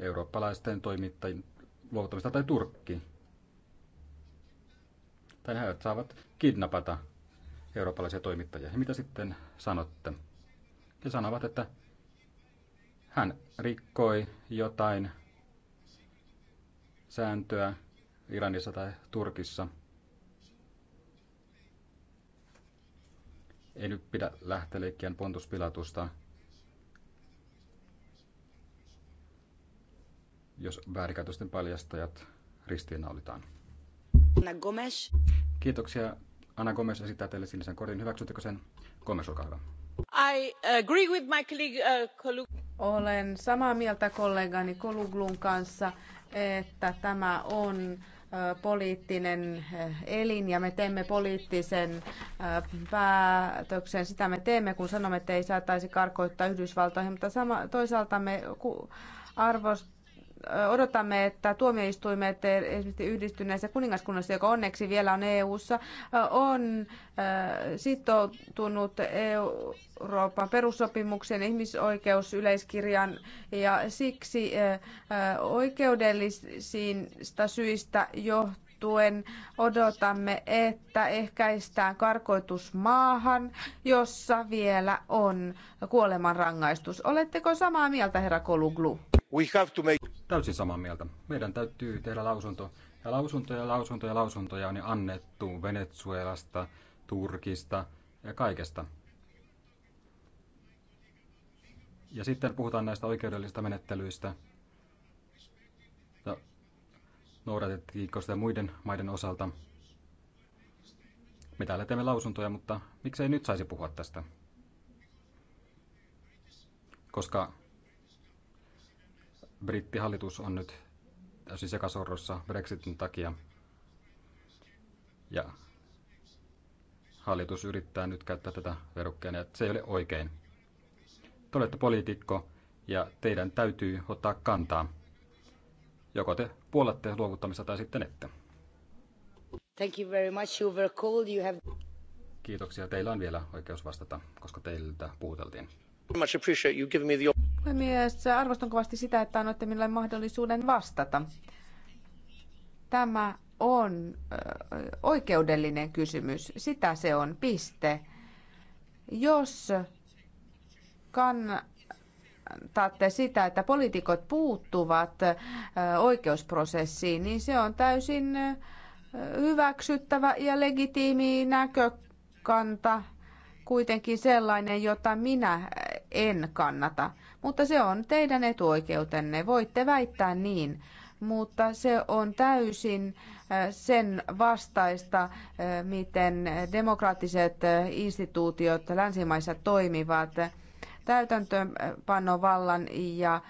eurooppalaisten toimittajien luovuttamista tai Turkki. Tai he saavat kidnapata eurooppalaisia toimittajia. Ja mitä sitten sanotte? He sanovat, että hän rikkoi jotain sääntöä Iranissa tai Turkissa. Ei nyt pidä lähteä leikkiä pontuspilatusta. jos väärinkäytösten paljastajat ristiinnaulitaan. Anna Gomes. Kiitoksia. Anna Gomes esittää teille sinisen kortin. Hyväksyttekö sen? Gomes, olkaa hyvä. I agree with my colleague, uh, Olen samaa mieltä kollegani Koluglun kanssa, että tämä on uh, poliittinen uh, elin ja me teemme poliittisen uh, päätöksen. Sitä me teemme, kun sanomme, että ei saataisi karkoittaa Yhdysvaltoihin, mutta sama, toisaalta me arvostamme odotamme, että tuomioistuimet esimerkiksi yhdistyneessä kuningaskunnassa, joka onneksi vielä on EU-ssa, on sitoutunut Euroopan perussopimuksen ihmisoikeusyleiskirjan ja siksi oikeudellisista syistä johtuen odotamme, että ehkäistään karkoitus maahan, jossa vielä on kuolemanrangaistus. Oletteko samaa mieltä, herra Koluglu? We have to make... Täysin samaa mieltä. Meidän täytyy tehdä lausunto. Ja lausuntoja, lausuntoja, lausuntoja on annettu Venezuelasta, Turkista ja kaikesta. Ja sitten puhutaan näistä oikeudellisista menettelyistä. Ja noudatettiinko sitä muiden maiden osalta? Me täällä teemme lausuntoja, mutta miksei nyt saisi puhua tästä? Koska brittihallitus on nyt täysin sekasorrossa Brexitin takia. Ja hallitus yrittää nyt käyttää tätä verukkeena, että se ei ole oikein. Te olette poliitikko, ja teidän täytyy ottaa kantaa. Joko te puolatte luovuttamista tai sitten ette. Thank you very much. You were called. You have... Kiitoksia. Teillä on vielä oikeus vastata, koska teiltä puhuteltiin. Much appreciate you giving me the Puhemies, arvostan kovasti sitä, että annoitte minulle mahdollisuuden vastata. Tämä on oikeudellinen kysymys. Sitä se on, piste. Jos kannatatte sitä, että poliitikot puuttuvat oikeusprosessiin, niin se on täysin hyväksyttävä ja legitiimi näkökanta, kuitenkin sellainen, jota minä en kannata. Mutta se on teidän etuoikeutenne, voitte väittää niin, mutta se on täysin sen vastaista, miten demokraattiset instituutiot länsimaissa toimivat täytäntöönpanovallan ja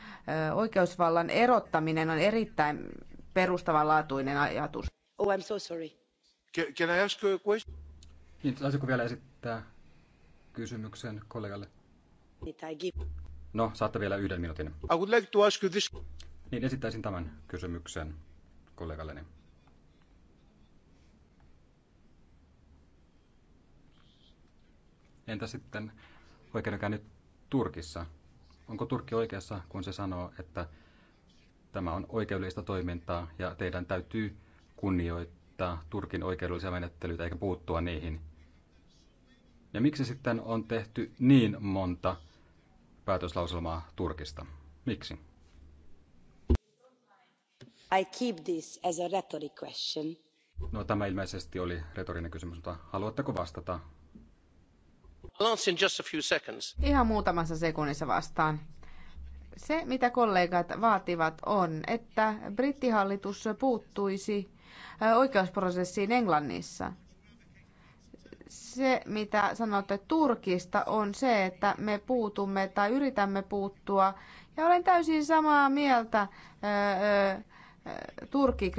oikeusvallan erottaminen on erittäin perustavanlaatuinen ajatus. Oh, I'm so sorry. Can I ask you a question? Niin, saisiko vielä esittää kysymyksen kollegalle? No, saatte vielä yhden minuutin. I would like to ask you this. Niin, esittäisin tämän kysymyksen kollegalleni. Entä sitten nyt Turkissa? Onko Turkki oikeassa, kun se sanoo, että tämä on oikeudellista toimintaa ja teidän täytyy kunnioittaa Turkin oikeudellisia menettelyitä eikä puuttua niihin? Ja miksi sitten on tehty niin monta päätöslauselmaa Turkista. Miksi? I keep this as a rhetoric question. No tämä ilmeisesti oli retorinen kysymys, mutta haluatteko vastata? In just a few seconds. Ihan muutamassa sekunnissa vastaan. Se, mitä kollegat vaativat, on, että brittihallitus puuttuisi oikeusprosessiin Englannissa se, mitä sanotte Turkista, on se, että me puutumme tai yritämme puuttua. Ja olen täysin samaa mieltä turkki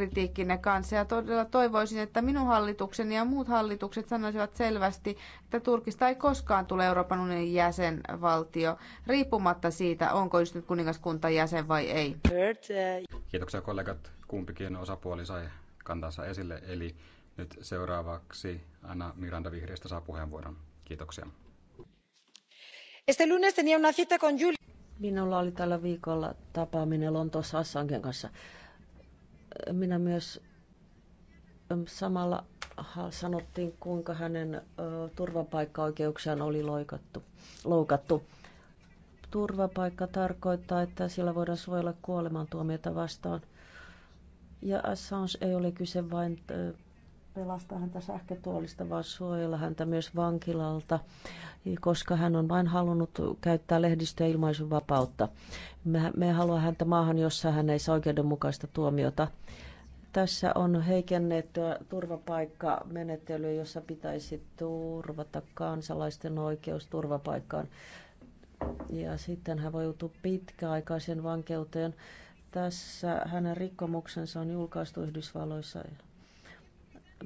kanssa ja todella toivoisin, että minun hallitukseni ja muut hallitukset sanoisivat selvästi, että Turkista ei koskaan tule Euroopan unionin jäsenvaltio, riippumatta siitä, onko nyt kuningaskunta jäsen vai ei. Uh, Kiitoksia kollegat. Kumpikin osapuoli sai kantansa esille, eli nyt seuraavaksi Anna Miranda Vihreistä saa puheenvuoron. Kiitoksia. Este lunes tenía una cita con Minulla oli tällä viikolla tapaaminen Lontoossa Assangen kanssa. Minä myös samalla sanottiin, kuinka hänen turvapaikkaoikeuksiaan oli loikattu, loukattu. Turvapaikka tarkoittaa, että sillä voidaan suojella kuolemantuomiota vastaan. Ja Assange ei ole kyse vain pelastaa häntä sähkötuolista, vaan suojella häntä myös vankilalta, koska hän on vain halunnut käyttää lehdistöä ilmaisun vapautta. Me, me halua häntä maahan, jossa hän ei saa oikeudenmukaista tuomiota. Tässä on heikennetty turvapaikkamenettely, jossa pitäisi turvata kansalaisten oikeus turvapaikkaan. Ja sitten hän voi joutua pitkäaikaisen vankeuteen. Tässä hänen rikkomuksensa on julkaistu Yhdysvalloissa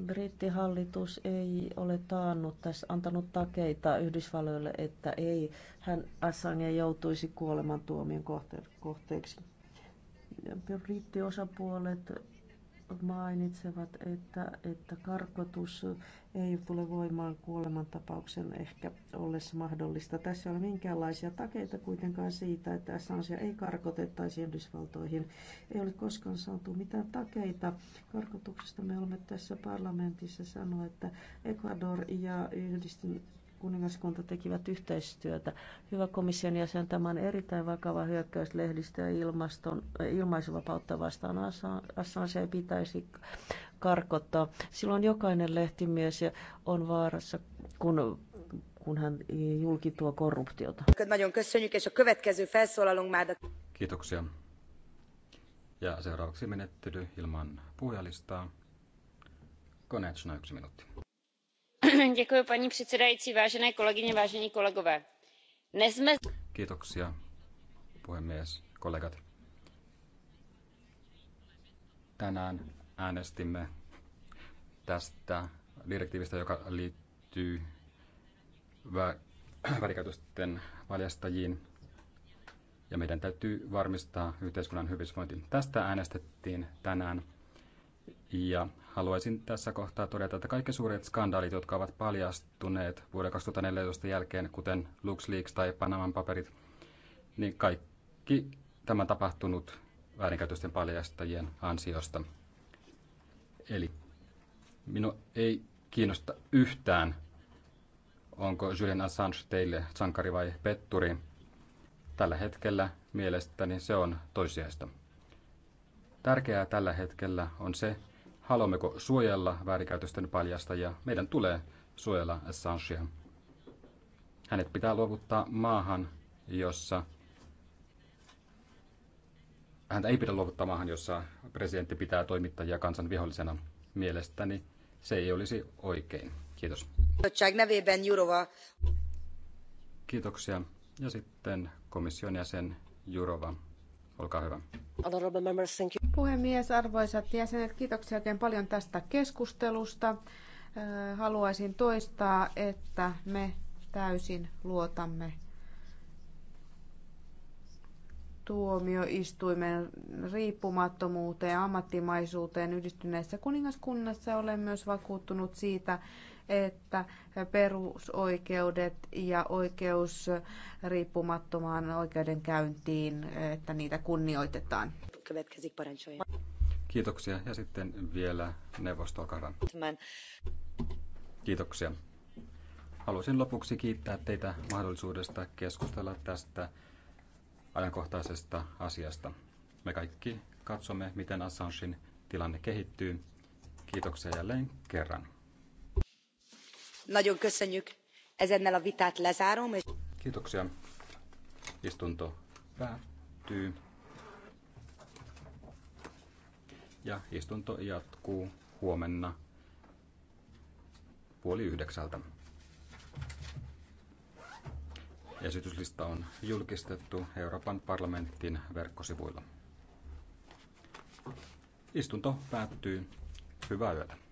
Brittihallitus ei ole taannut tässä, antanut takeita Yhdysvalloille, että ei hän Assange joutuisi kuolemantuomion kohteeksi brittiosapuolet mainitsevat, että, että karkotus ei tule voimaan kuolemantapauksen ehkä ollessa mahdollista. Tässä ei ole minkäänlaisia takeita kuitenkaan siitä, että Assangea ei karkotettaisi Yhdysvaltoihin. Ei ole koskaan saatu mitään takeita karkotuksesta. Me olemme tässä parlamentissa sanoneet, että Ecuador ja yhdistyn kuningaskunta tekivät yhteistyötä. Hyvä komission jäsen, tämä on erittäin vakava hyökkäys lehdistä ja ilmaston, äh, ilmaisuvapautta vastaan. Assange ei pitäisi karkottaa. Silloin jokainen lehtimies on vaarassa, kun kun hän tuo korruptiota. Kiitoksia. Ja seuraavaksi menettely ilman puhujalistaa. Konechna yksi minuutti. paní předsedající vážené kolegyně vážení kolegové dnes jsme. kiitoksia puhemies kollegat tänään äänestimme tästä direktiivistä joka liittyy väärinkäytösten paljastajiin ja meidän täytyy varmistaa yhteiskunnan hyvinvointi. Tästä äänestettiin tänään ja haluaisin tässä kohtaa todeta, että kaikki suuret skandaalit, jotka ovat paljastuneet vuoden 2014 jälkeen, kuten LuxLeaks tai Panaman paperit, niin kaikki tämä tapahtunut väärinkäytösten paljastajien ansiosta. Eli minua ei kiinnosta yhtään, onko Julian Assange teille sankari vai petturi. Tällä hetkellä mielestäni se on toisiaista. Tärkeää tällä hetkellä on se, haluammeko suojella väärinkäytösten paljastajia. Meidän tulee suojella Assangea. Hänet pitää luovuttaa maahan, jossa häntä ei pidä luovuttaa maahan, jossa presidentti pitää toimittajia kansan vihollisena. Mielestäni se ei olisi oikein. Kiitos. Kiitoksia. Ja sitten komission jäsen Jurova, olkaa hyvä. Honorable members, thank you. Puhemies, arvoisat jäsenet, kiitoksia oikein paljon tästä keskustelusta. Haluaisin toistaa, että me täysin luotamme tuomioistuimen riippumattomuuteen ja ammattimaisuuteen yhdistyneessä kuningaskunnassa. Olen myös vakuuttunut siitä, että perusoikeudet ja oikeus riippumattomaan oikeudenkäyntiin, että niitä kunnioitetaan. Kiitoksia. Ja sitten vielä neuvostoa Kiitoksia. Haluaisin lopuksi kiittää teitä mahdollisuudesta keskustella tästä ajankohtaisesta asiasta. Me kaikki katsomme, miten Assangein tilanne kehittyy. Kiitoksia jälleen kerran. Nagyon köszönjük. Ezennel a vitát lezárom. Kiitoksia. Istunto päättyy. Ja istunto jatkuu huomenna puoli yhdeksältä. Esityslista on julkistettu Euroopan parlamentin verkkosivuilla. Istunto päättyy. Hyvää yötä.